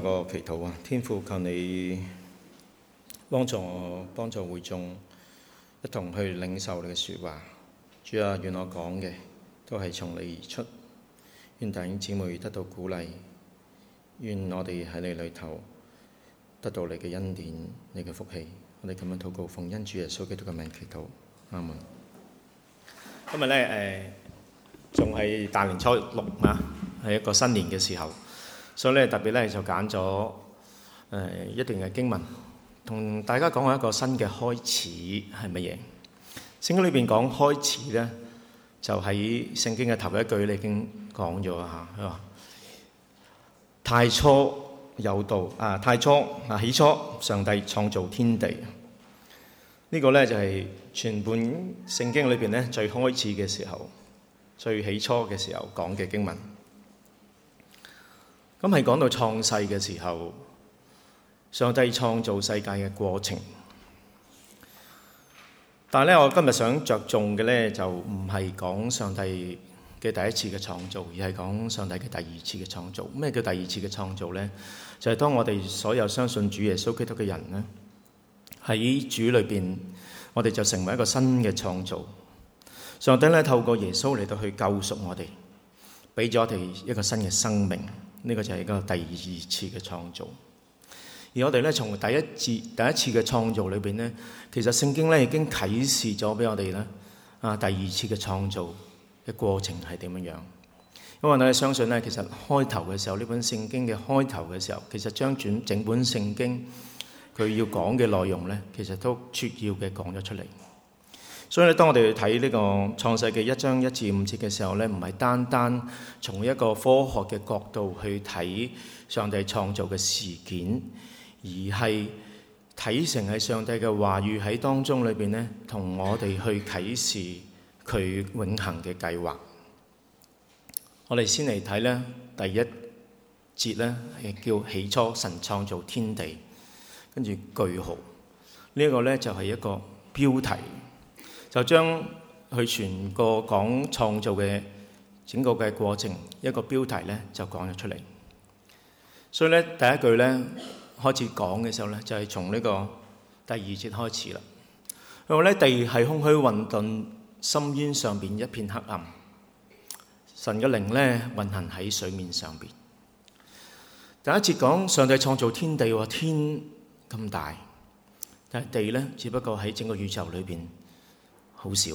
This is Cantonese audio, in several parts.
個祈禱啊，天父求你幫助我，幫助會眾，一同去領受你嘅說話。主啊，願我講嘅都係從你而出，願弟兄姊妹得到鼓勵，願我哋喺你裏頭得到你嘅恩典、你嘅福氣。我哋咁樣禱告奉恩主耶穌基督嘅名祈禱，阿門。今日咧誒，仲、呃、係大年初六啊，係一個新年嘅時候。所以咧，特別咧就揀咗誒一段嘅經文，同大家講下一個新嘅開始係乜嘢？聖經裏邊講開始咧，就喺聖經嘅頭一句你已經講咗啊嚇，佢話太初有道啊，太初啊，起初上帝創造天地。這個、呢個咧就係、是、全本聖經裏邊咧最開始嘅時候，最起初嘅時候講嘅經文。咁係講到創世嘅時候，上帝創造世界嘅過程。但係咧，我今日想着重嘅咧，就唔係講上帝嘅第一次嘅創造，而係講上帝嘅第二次嘅創造。咩叫第二次嘅創造呢？就係當我哋所有相信主耶穌基督嘅人呢，喺主裏邊，我哋就成為一個新嘅創造。上帝咧透過耶穌嚟到去救贖我哋，俾咗我哋一個新嘅生命。呢個就係個第二次嘅創造，而我哋咧從第一次第一次嘅創造裏邊咧，其實聖經咧已經啟示咗俾我哋咧啊第二次嘅創造嘅過程係點樣？因為我相信咧，其實開頭嘅時候呢本聖經嘅開頭嘅時候，其實將整整本聖經佢要講嘅內容咧，其實都絕要嘅講咗出嚟。所以咧，當我哋去睇呢個創世記一章一至五節嘅時候咧，唔係單單從一個科學嘅角度去睇上帝創造嘅事件，而係睇成係上帝嘅話語喺當中裏邊咧，同我哋去啟示佢永恆嘅計劃。我哋先嚟睇咧第一節咧，係叫起初神創造天地，跟住句號。這個、呢一個咧就係、是、一個標題。就將佢全個講創造嘅整個嘅過程一個標題呢，就講咗出嚟。所以呢，第一句呢，開始講嘅時候呢，就係從呢個第二節開始啦。佢話呢，地係空虛混沌，深淵上邊一片黑暗，神嘅靈呢，運行喺水面上邊。第一節講上帝創造天地，話天咁大，但係地呢，只不過喺整個宇宙裏邊好少，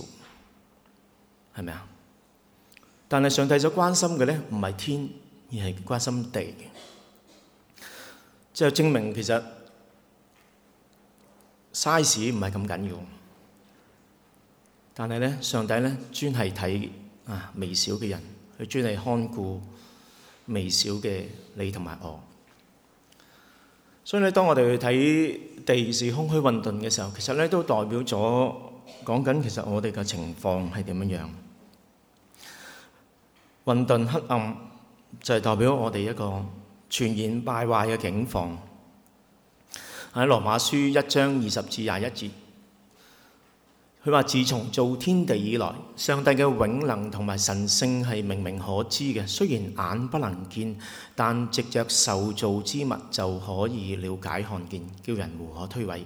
係咪啊？但係上帝所關心嘅咧，唔係天，而係關心地，就證明其實 size 唔係咁緊要。但係咧，上帝咧專係睇啊微小嘅人，佢專係看顧微小嘅你同埋我。所以咧，當我哋去睇地是空虛混沌嘅時候，其實咧都代表咗。講緊其實我哋嘅情況係點樣？混沌黑暗就係代表我哋一個全然敗壞嘅境況。喺羅馬書一章二十至廿一節，佢話：自從造天地以來，上帝嘅永能同埋神性係明明可知嘅。雖然眼不能見，但藉着受造之物就可以了解看見，叫人無可推諉。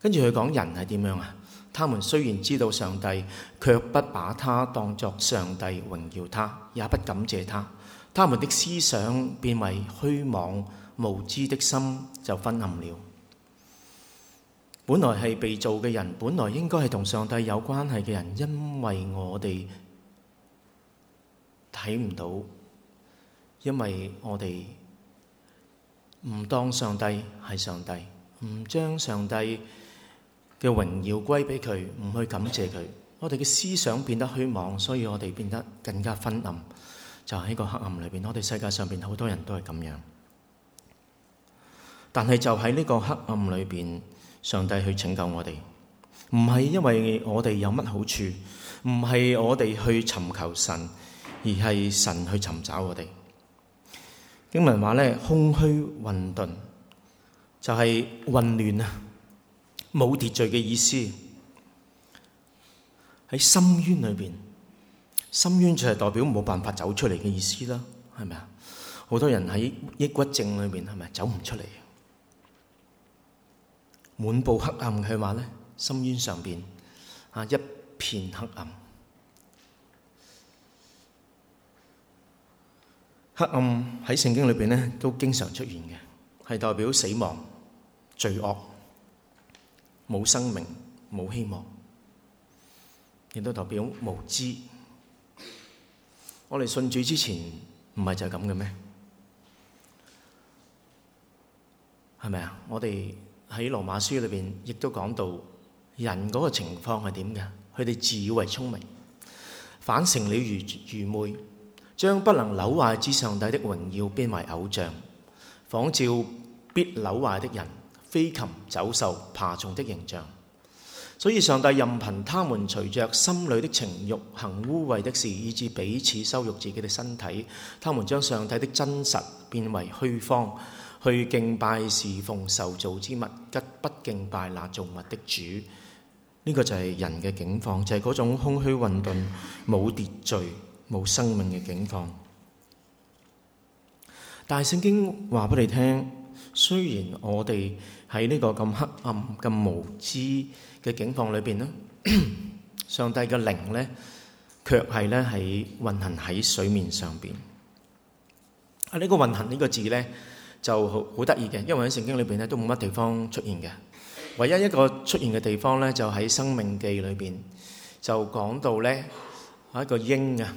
跟住佢講人係點樣啊？他們雖然知道上帝，卻不把他當作上帝榮耀他，也不感謝他。他們的思想變為虛妄，無知的心就昏暗了。本來係被造嘅人，本來應該係同上帝有關係嘅人，因為我哋睇唔到，因為我哋唔當上帝係上帝，唔將上帝嘅榮耀歸俾佢，唔去感謝佢。我哋嘅思想變得虛妄，所以我哋變得更加昏暗，就喺、是、個黑暗裏邊。我哋世界上邊好多人都係咁樣，但係就喺呢個黑暗裏邊，上帝去拯救我哋。唔係因為我哋有乜好處，唔係我哋去尋求神，而係神去尋找我哋。經文話呢，空虛混沌就係、是、混亂啊！冇秩序嘅意思，喺深淵裏邊，深淵就係代表冇辦法走出嚟嘅意思啦，係咪啊？好多人喺抑鬱症裏邊，係咪走唔出嚟？滿布黑暗嘅話咧，深淵上邊啊一片黑暗，黑暗喺聖經裏邊咧都經常出現嘅，係代表死亡、罪惡。冇生命，冇希望，亦都代表無知。我哋信主之前，唔係就係咁嘅咩？係咪啊？我哋喺羅馬書裏邊亦都講到，人嗰個情況係點嘅？佢哋自以為聰明，反成了愚愚昧，將不能朽壞之上帝的榮耀變為偶像，仿照必朽壞的人。飛禽走獸爬蟲的形象，所以上帝任憑他們隨着心裏的情欲行污穢的事，以致彼此羞辱自己嘅身體。他們將上帝的真實變為虛謊，去敬拜侍奉受造之物，吉不敬拜那造物的主。呢、這個就係人嘅境況，就係、是、嗰種空虛混沌、冇秩序、冇生命嘅境況。但係聖經話俾你聽。雖然我哋喺呢個咁黑暗，咁無知嘅境況裏邊呢，上帝嘅靈呢，卻係呢喺運行喺水面上邊。啊，呢個運行呢個字呢就好好得意嘅，因為喺聖經裏邊呢都冇乜地方出現嘅，唯一一個出現嘅地方呢，就喺《生命記》裏邊，就講到呢一個鷹啊。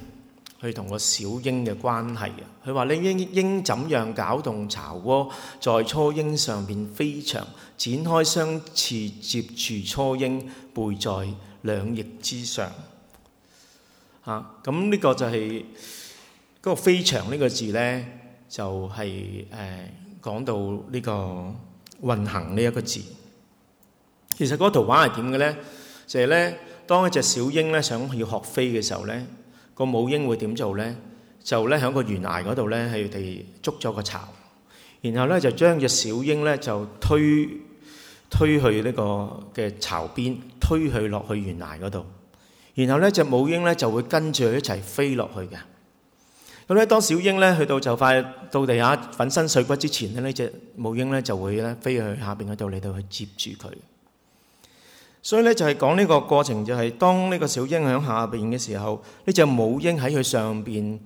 佢同個小鷹嘅關係啊！佢話：你鷹應怎樣搞動巢窩？在初鷹上邊飛翔，展開雙翅接住初鷹背，在兩翼之上。啊！咁呢個就係嗰個飛翔呢個字呢，就係誒講到呢個運行呢一個字。其實嗰個圖畫係點嘅呢？就係呢，當一隻小鷹呢想要學飛嘅時候呢。個母鷹會點做咧？就咧喺個懸崖嗰度咧，佢哋捉咗個巢，然後咧就將隻小鷹咧就推推去呢個嘅巢邊，推去落去懸崖嗰度。然後咧隻母鷹咧就會跟住佢一齊飛落去嘅。咁咧當小鷹咧去到就快到地下粉身碎骨之前咧，呢隻母鷹咧就會咧飛去下邊嗰度，嚟到去接住佢。所以咧就係講呢個過程就係、是、當呢個小鷹喺下邊嘅時候，呢隻母鷹喺佢上邊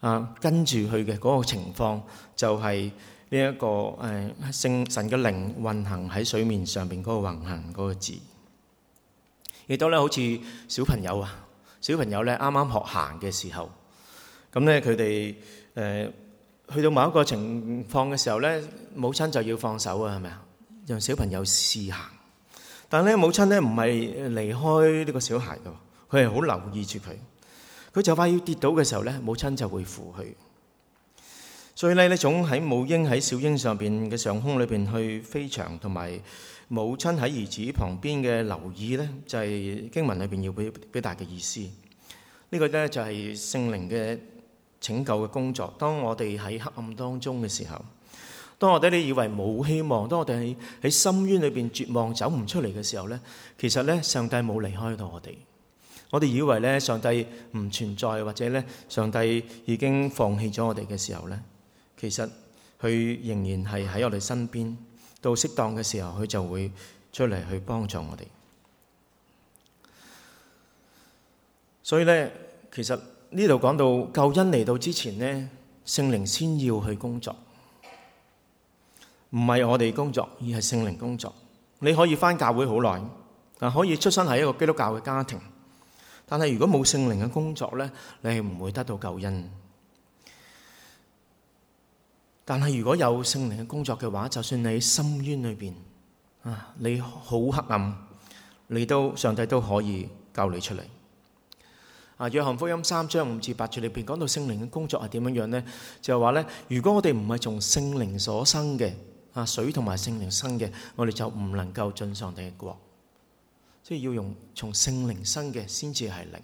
啊跟住佢嘅嗰個情況，就係呢一個誒聖、啊、神嘅靈運行喺水面上邊嗰個運行嗰個字。亦都咧好似小朋友啊，小朋友咧啱啱學行嘅時候，咁咧佢哋誒去到某一個情況嘅時候咧，母親就要放手啊，係咪啊？讓小朋友試行。但咧，母親咧唔係離開呢個小孩噶，佢係好留意住佢。佢就快要跌倒嘅時候咧，母親就會扶佢。所以呢，呢種喺母嬰喺小嬰上邊嘅上空裏邊去飛翔，同埋母親喺兒子旁邊嘅留意咧，就係、是、經文裏邊要表表達嘅意思。呢、這個咧就係聖靈嘅拯救嘅工作。當我哋喺黑暗當中嘅時候。當我哋你以為冇希望，當我哋喺喺深淵裏邊絕望走唔出嚟嘅時候呢，其實呢上帝冇離開到我哋。我哋以為呢上帝唔存在，或者呢上帝已經放棄咗我哋嘅時候呢，其實佢仍然係喺我哋身邊。到適當嘅時候，佢就會出嚟去幫助我哋。所以呢，其實呢度講到救恩嚟到之前呢，聖靈先要去工作。唔係我哋工作，而係聖靈工作。你可以翻教會好耐，啊可以出生喺一個基督教嘅家庭，但係如果冇聖靈嘅工作咧，你係唔會得到救恩。但係如果有聖靈嘅工作嘅話，就算你喺深淵裏邊啊，你好黑暗，你都上帝都可以救你出嚟。啊，約翰福音三章五至八節裏邊講到聖靈嘅工作係點樣樣咧，就係話咧，如果我哋唔係從聖靈所生嘅。啊！水同埋聖靈生嘅，我哋就唔能夠進上帝嘅國。即係要用從聖靈生嘅先至係靈。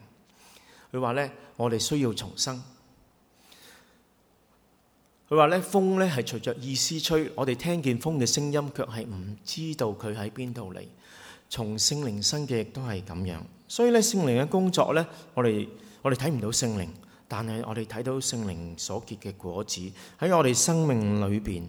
佢話呢，我哋需要重生。佢話呢，風呢係隨著意思吹，我哋聽見風嘅聲音，卻係唔知道佢喺邊度嚟。從聖靈生嘅亦都係咁樣。所以呢，聖靈嘅工作呢，我哋我哋睇唔到聖靈，但係我哋睇到聖靈所結嘅果子喺我哋生命裏面。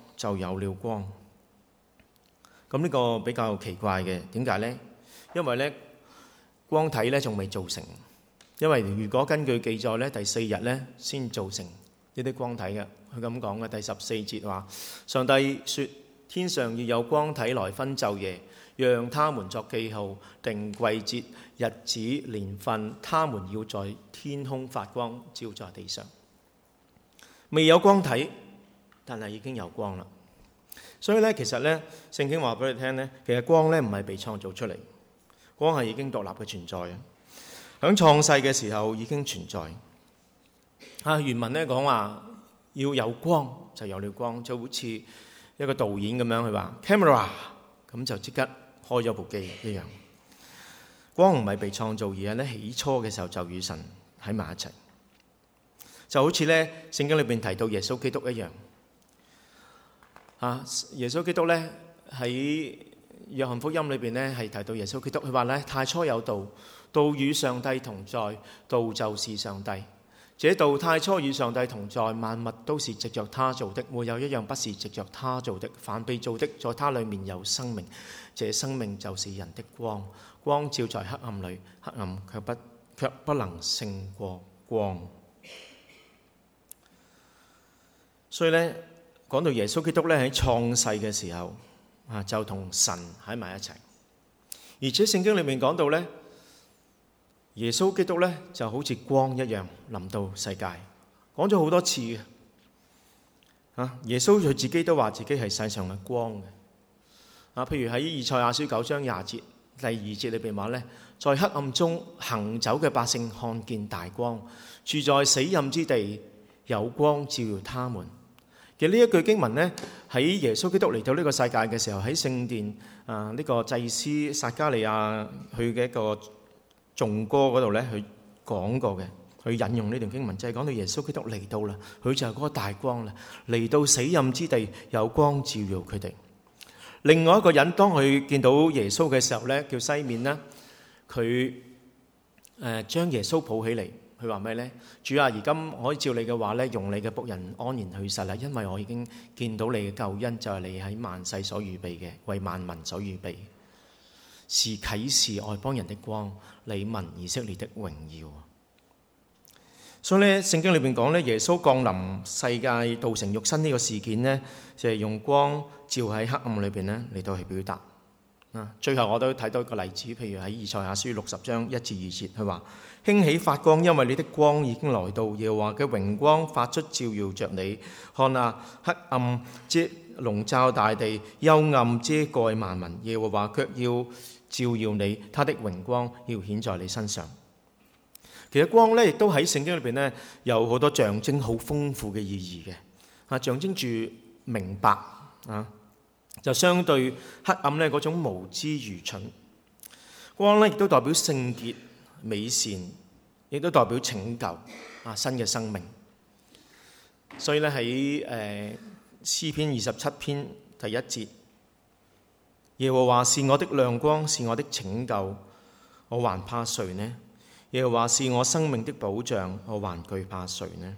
就有了光。咁、這、呢個比較奇怪嘅，點解呢？因為呢光體咧仲未造成。因為如果根據記載呢，第四日呢先造成呢啲光體嘅，佢咁講嘅。第十四節話，上帝說：天上要有光體來分晝夜，讓他們作記號，定季節、日子、年份。他們要在天空發光，照在地上。未有光體。但係已經有光啦，所以咧，其實咧，聖經話畀你聽咧，其實光咧唔係被創造出嚟，光係已經獨立嘅存在嘅。喺創世嘅時候已經存在。啊，原文咧講話要有光就有了光，就好似一個導演咁樣，佢話 Camera，咁就即刻開咗部機一樣。一樣光唔係被創造，而係咧起初嘅時候就與神喺埋一齊，就好似咧聖經裏邊提到耶穌基督一樣。啊！耶穌基督呢喺約翰福音裏邊呢係提到耶穌基督，佢話呢：太初有道，道與上帝同在，道就是上帝。這道太初與上帝同在，萬物都是藉著他做的，沒有一樣不是藉著他做的，反被造的。在祂裡面有生命，這生命就是人的光，光照在黑暗裏，黑暗卻不卻不能勝過光。所以呢。講到耶穌基督咧喺創世嘅時候啊，就同神喺埋一齊。而且聖經裏面講到咧，耶穌基督咧就好似光一樣臨到世界，講咗好多次嘅。啊，耶穌佢自己都話自己係世上嘅光嘅。啊，譬如喺以賽亞書九章廿節第二節裏邊話咧，在黑暗中行走嘅百姓看見大光，住在死蔭之地有光照耀他們。其實呢一句經文咧，喺耶穌基督嚟到呢個世界嘅時候，喺聖殿啊呢個祭司撒加利亞佢嘅一個頌歌嗰度咧，去講過嘅，去引用呢段經文，就係講到耶穌基督嚟到啦，佢就係嗰個大光啦，嚟到死陰之地有光照耀佢哋。另外一個人當佢見到耶穌嘅時候咧，叫西面啦，佢誒將耶穌抱起嚟。佢話咩呢？主啊，而今可以照你嘅話呢，用你嘅僕人安然去世啦，因為我已經見到你嘅救恩，就係你喺萬世所預備嘅，為萬民所預備，是啟示外邦人的光，李民以色列的榮耀。所以咧，聖經裏面講呢，耶穌降臨世界，道成肉身呢個事件呢，就係用光照喺黑暗裏邊呢，嚟到去表達。最後我都睇到一個例子，譬如喺以賽亞書六十章一至二節，佢話。興起發光，因為你的光已經來到。耶和華嘅榮光發出，照耀着你。看啊，黑暗遮籠罩大地，幽暗遮蓋萬民。耶和華卻要照耀你，他的榮光要顯在你身上。其實光呢，亦都喺聖經裏邊呢，有好多象徵好豐富嘅意義嘅。啊，象徵住明白啊，就相對黑暗呢，嗰種無知愚蠢。光呢，亦都代表聖潔。美善，亦都代表拯救啊！新嘅生命。所以咧喺誒詩篇二十七篇第一節，耶和華是我的亮光，是我的拯救，我還怕誰呢？耶和華是我生命的保障，我還懼怕誰呢？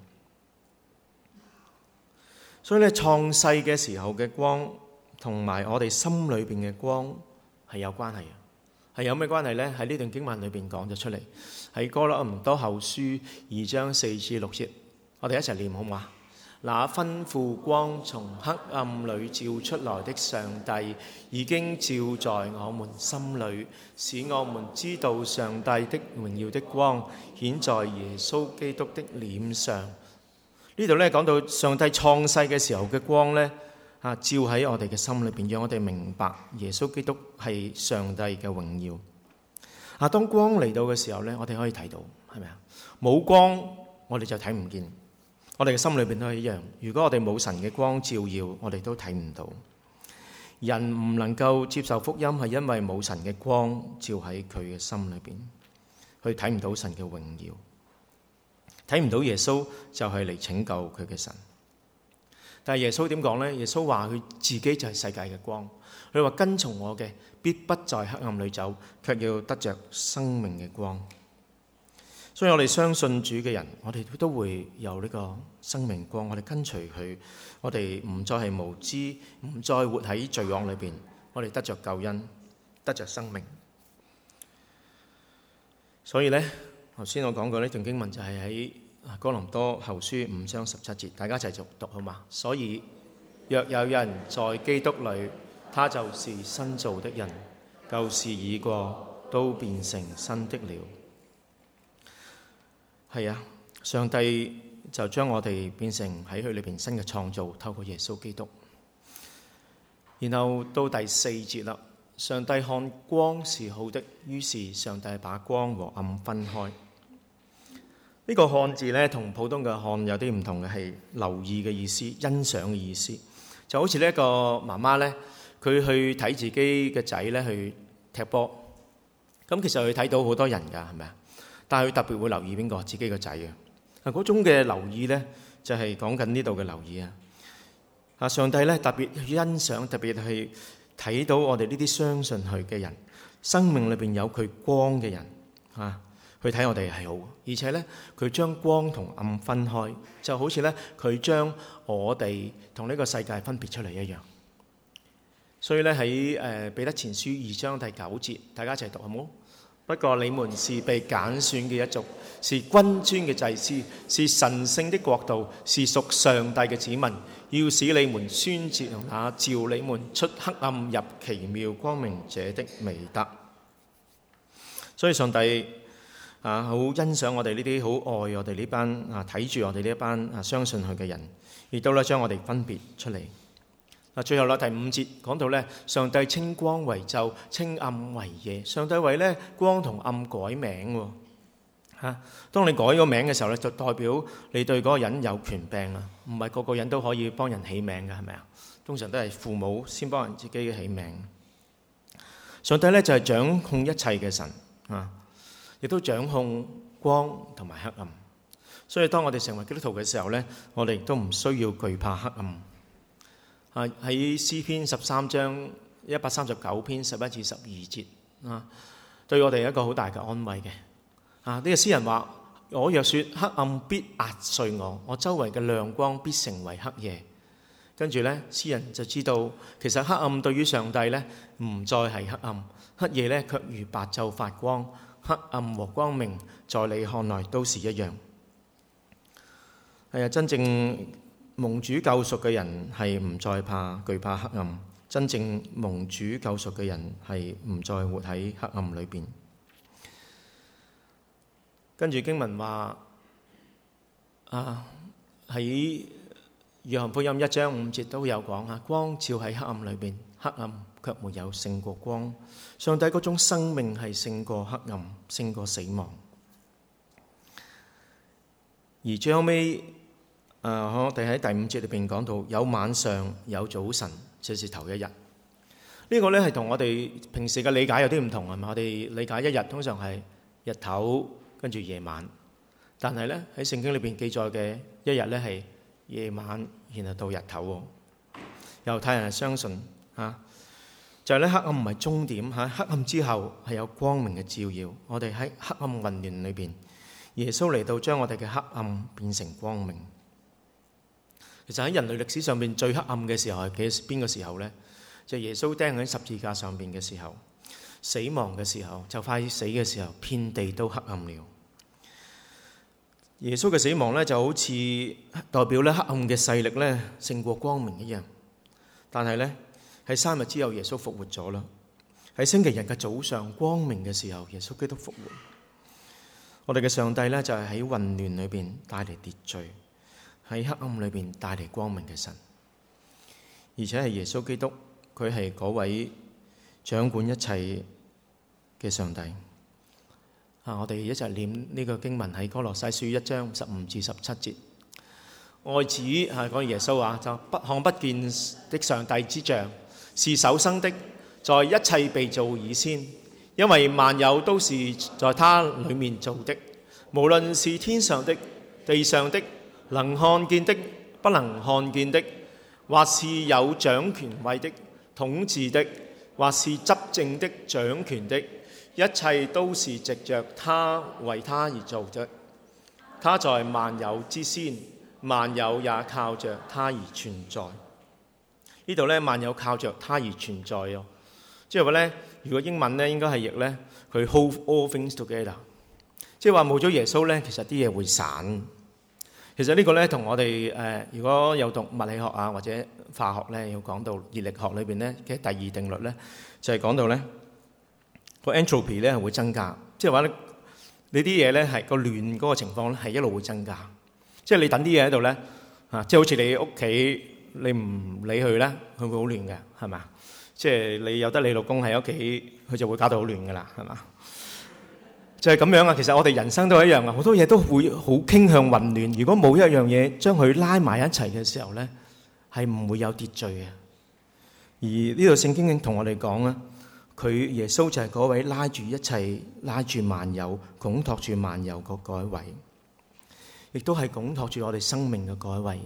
所以咧，創世嘅時候嘅光，同埋我哋心裏邊嘅光係有關係嘅。係有咩關係呢？喺呢段經文裏邊講咗出嚟，喺《哥林多後書》二章四至六節，我哋一齊念好唔好啊？那吩咐光從黑暗裏照出來的上帝，已經照在我們心裏，使我們知道上帝的榮耀的光顯在耶穌基督的臉上。呢度呢，講到上帝創世嘅時候嘅光呢，啊！照喺我哋嘅心裏邊，讓我哋明白耶穌基督係上帝嘅榮耀。啊！當光嚟到嘅時候呢，我哋可以睇到，係咪啊？冇光，我哋就睇唔見。我哋嘅心裏邊都係一樣。如果我哋冇神嘅光照耀，我哋都睇唔到。人唔能夠接受福音，係因為冇神嘅光照喺佢嘅心裏邊，佢睇唔到神嘅榮耀，睇唔到耶穌就係嚟拯救佢嘅神。但耶穌點講呢？耶穌話佢自己就係世界嘅光。佢話跟從我嘅，必不在黑暗裏走，却要得着生命嘅光。所以我哋相信主嘅人，我哋都會有呢個生命光。我哋跟隨佢，我哋唔再係無知，唔再活喺罪惡裏邊。我哋得着救恩，得着生命。所以呢，頭先我講過呢段經文就係喺。哥林多後書五章十七節，大家繼續讀好嘛？所以若有人在基督裏，他就是新造的人，舊事已過，都變成新的了。係啊，上帝就將我哋變成喺佢裏邊新嘅創造，透過耶穌基督。然後到第四節啦，上帝看光是好的，於是上帝把光和暗分開。呢個漢字咧，同普通嘅漢有啲唔同嘅係留意嘅意思、欣賞嘅意思。就好似呢一個媽媽咧，佢去睇自己嘅仔咧去踢波，咁其實佢睇到好多人㗎，係咪啊？但係佢特別會留意邊個自己個仔呀。嗱，嗰種嘅留意咧，就係講緊呢度嘅留意啊。啊，上帝咧特別欣賞，特別係睇到我哋呢啲相信佢嘅人，生命裏邊有佢光嘅人啊。佢睇我哋係好，而且呢，佢將光同暗分開，就好似呢，佢將我哋同呢個世界分別出嚟一樣。所以呢，喺誒彼得前書二章第九節，大家一齊讀好冇？不過，你們是被揀選嘅一族，是君尊嘅祭司，是神聖的國度，是屬上帝嘅子民，要使你們宣召同那召你們出黑暗入奇妙光明者的美德。所以上帝。啊！好欣賞我哋呢啲，好愛我哋呢班啊，睇住我哋呢一班啊，相信佢嘅人，亦都咧將我哋分別出嚟。嗱、啊，最後咧第五節講到咧，上帝稱光為晝，稱暗為夜。上帝為咧光同暗改名喎、哦。嚇、啊！當你改個名嘅時候咧，就代表你對嗰個人有權柄啊，唔係個個人都可以幫人起名嘅，係咪啊？通常都係父母先幫人自己起名。上帝咧就係、是、掌控一切嘅神啊！亦都掌控光同埋黑暗，所以當我哋成為基督徒嘅時候呢，我哋亦都唔需要懼怕黑暗。啊，喺詩篇十三章一百三十九篇十一至十二節啊，對我哋有一個好大嘅安慰嘅啊。呢個詩人話：我若說黑暗必壓碎我，我周圍嘅亮光必成為黑夜。跟住呢，詩人就知道其實黑暗對於上帝呢唔再係黑暗，黑夜呢卻如白晝發光。黑暗和光明，在你看來都是一樣。係啊，真正蒙主救贖嘅人係唔再怕、懼怕黑暗；真正蒙主救贖嘅人係唔再活喺黑暗裏邊。跟住經文話：啊，喺《約翰福音》一章五節都有講啊，光照喺黑暗裏邊，黑暗卻沒有勝過光。上帝嗰種生命係勝過黑暗，勝過死亡。而最後尾，誒、呃，我哋喺第五節裏邊講到，有晚上，有早晨，這是頭一日。呢、這個呢係同我哋平時嘅理解有啲唔同啊。我哋理解一日通常係日頭跟住夜晚，但係呢，喺聖經裏邊記載嘅一日呢係夜晚然後到日頭。猶太人係相信吓。啊就係咧，黑暗唔係終點吓，黑暗之後係有光明嘅照耀。我哋喺黑暗混亂裏邊，耶穌嚟到將我哋嘅黑暗變成光明。其實喺人類歷史上面最黑暗嘅時候係幾邊個時候咧？就耶穌釘喺十字架上面嘅時候，死亡嘅時候，就快死嘅時候，遍地都黑暗了。耶穌嘅死亡咧就好似代表咧黑暗嘅勢力咧勝過光明一樣，但係咧。喺三日之後，耶穌復活咗啦。喺星期日嘅早上，光明嘅時候，耶穌基督復活。我哋嘅上帝呢，就係、是、喺混亂裏邊帶嚟秩序，喺黑暗裏邊帶嚟光明嘅神。而且係耶穌基督，佢係嗰位掌管一切嘅上帝。啊，我哋一齊念呢個經文喺哥羅西書一章十五至十七節。愛子啊，講耶穌話、啊、就不看不見的上帝之像。是首生的，在一切被造以先，因為萬有都是在他裏面做的，無論是天上的、地上的、能看見的、不能看見的，或是有掌權位的、統治的，或是執政的、掌權的，一切都是藉着他為他而做的。他在萬有之先，萬有也靠着他而存在。呢度咧萬有靠著他而存在哦，即係話咧，如果英文咧應該係譯咧，佢 hold all things together，即係話冇咗耶穌咧，其實啲嘢會散。其實呢個咧同我哋誒，如果有讀物理學啊或者化學咧，要講到熱力學裏邊咧，嘅第二定律咧，就係講到咧個 entropy 咧會增加，即係話咧你啲嘢咧係個亂嗰個情況咧係一路會增加，即係你等啲嘢喺度咧啊，即係好似你屋企。你唔理佢咧，佢會好亂嘅，係嘛？即係你有得你老公喺屋企，佢就會搞到好亂嘅啦，係嘛？就係咁樣啊！其實我哋人生都係一樣啊，好多嘢都會好傾向混亂。如果冇一樣嘢將佢拉埋一齊嘅時候咧，係唔會有秩序嘅。而呢度聖經同我哋講咧，佢耶穌就係嗰位拉住一切、拉住萬有、拱托住萬有嘅嗰一位，亦都係拱托住我哋生命嘅嗰一位。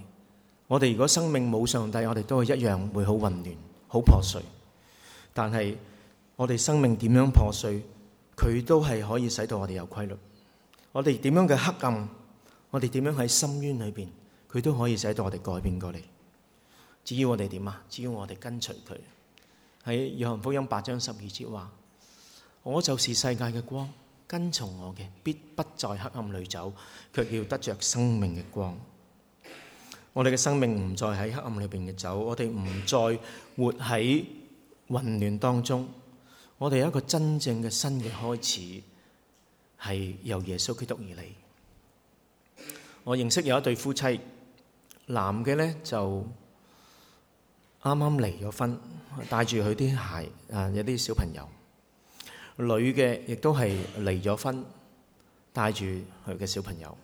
我哋如果生命冇上帝，我哋都係一樣會好混亂、好破碎。但係我哋生命點樣破碎，佢都係可以使到我哋有規律。我哋點樣嘅黑暗，我哋點樣喺深淵裏邊，佢都可以使到我哋改變過嚟。只要我哋點啊？只要我哋跟隨佢。喺約翰福音八章十二節話：我就是世界嘅光，跟從我嘅，必不在黑暗裏走，却要得着生命嘅光。我哋嘅生命唔再喺黑暗裏邊嘅走，我哋唔再活喺混亂當中。我哋有一個真正嘅新嘅開始，係由耶穌基督而嚟。我認識有一對夫妻，男嘅呢就啱啱離咗婚，帶住佢啲孩啊，有啲小朋友；女嘅亦都係離咗婚，帶住佢嘅小朋友。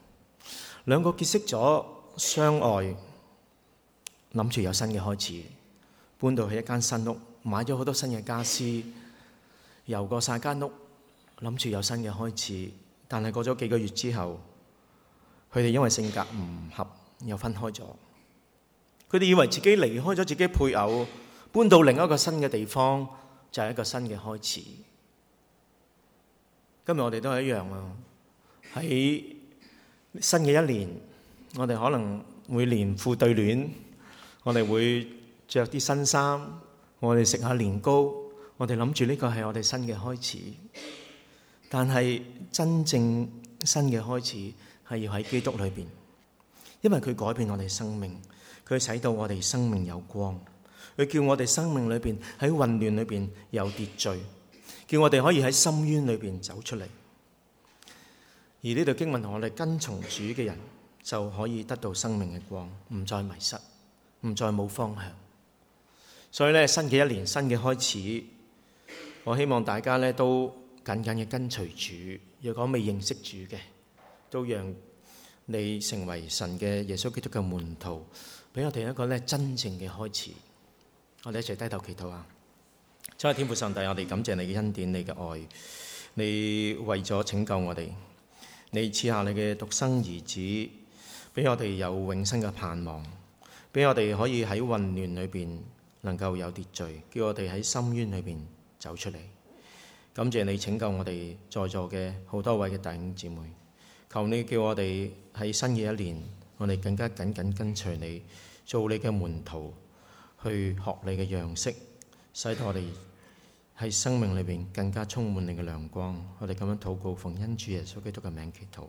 兩個結識咗。相愛，諗住有新嘅開始，搬到去一間新屋，買咗好多新嘅家私，游過晒間屋，諗住有新嘅開始。但係過咗幾個月之後，佢哋因為性格唔合，又分開咗。佢哋以為自己離開咗自己配偶，搬到另一個新嘅地方，就係一個新嘅開始。今日我哋都係一樣啊！喺新嘅一年。我哋可能會連褲對聯，我哋會着啲新衫，我哋食下年糕，我哋諗住呢個係我哋新嘅開始。但係真正新嘅開始係要喺基督裏邊，因為佢改變我哋生命，佢使到我哋生命有光，佢叫我哋生命裏邊喺混亂裏邊有秩序，叫我哋可以喺深淵裏邊走出嚟。而呢度經文同我哋跟從主嘅人，就可以得到生命嘅光，唔再迷失，唔再冇方向。所以咧，新嘅一年，新嘅開始，我希望大家咧都緊緊嘅跟隨主。若果未認識主嘅，都讓你成為神嘅耶穌基督嘅門徒，俾我哋一個咧真正嘅開始。我哋一齊低頭祈禱啊！親愛天父上帝，我哋感謝你嘅恩典，你嘅愛，你為咗拯救我哋，你賜下你嘅獨生兒子。俾我哋有永生嘅盼望，俾我哋可以喺混亂裏邊能夠有秩序，叫我哋喺深淵裏邊走出嚟。感謝你拯救我哋在座嘅好多位嘅弟兄姊妹，求你叫我哋喺新嘅一年，我哋更加緊緊跟隨你，做你嘅門徒，去學你嘅樣式，使到我哋喺生命裏邊更加充滿你嘅亮光。我哋咁樣禱告，奉恩主耶穌基督嘅名祈禱。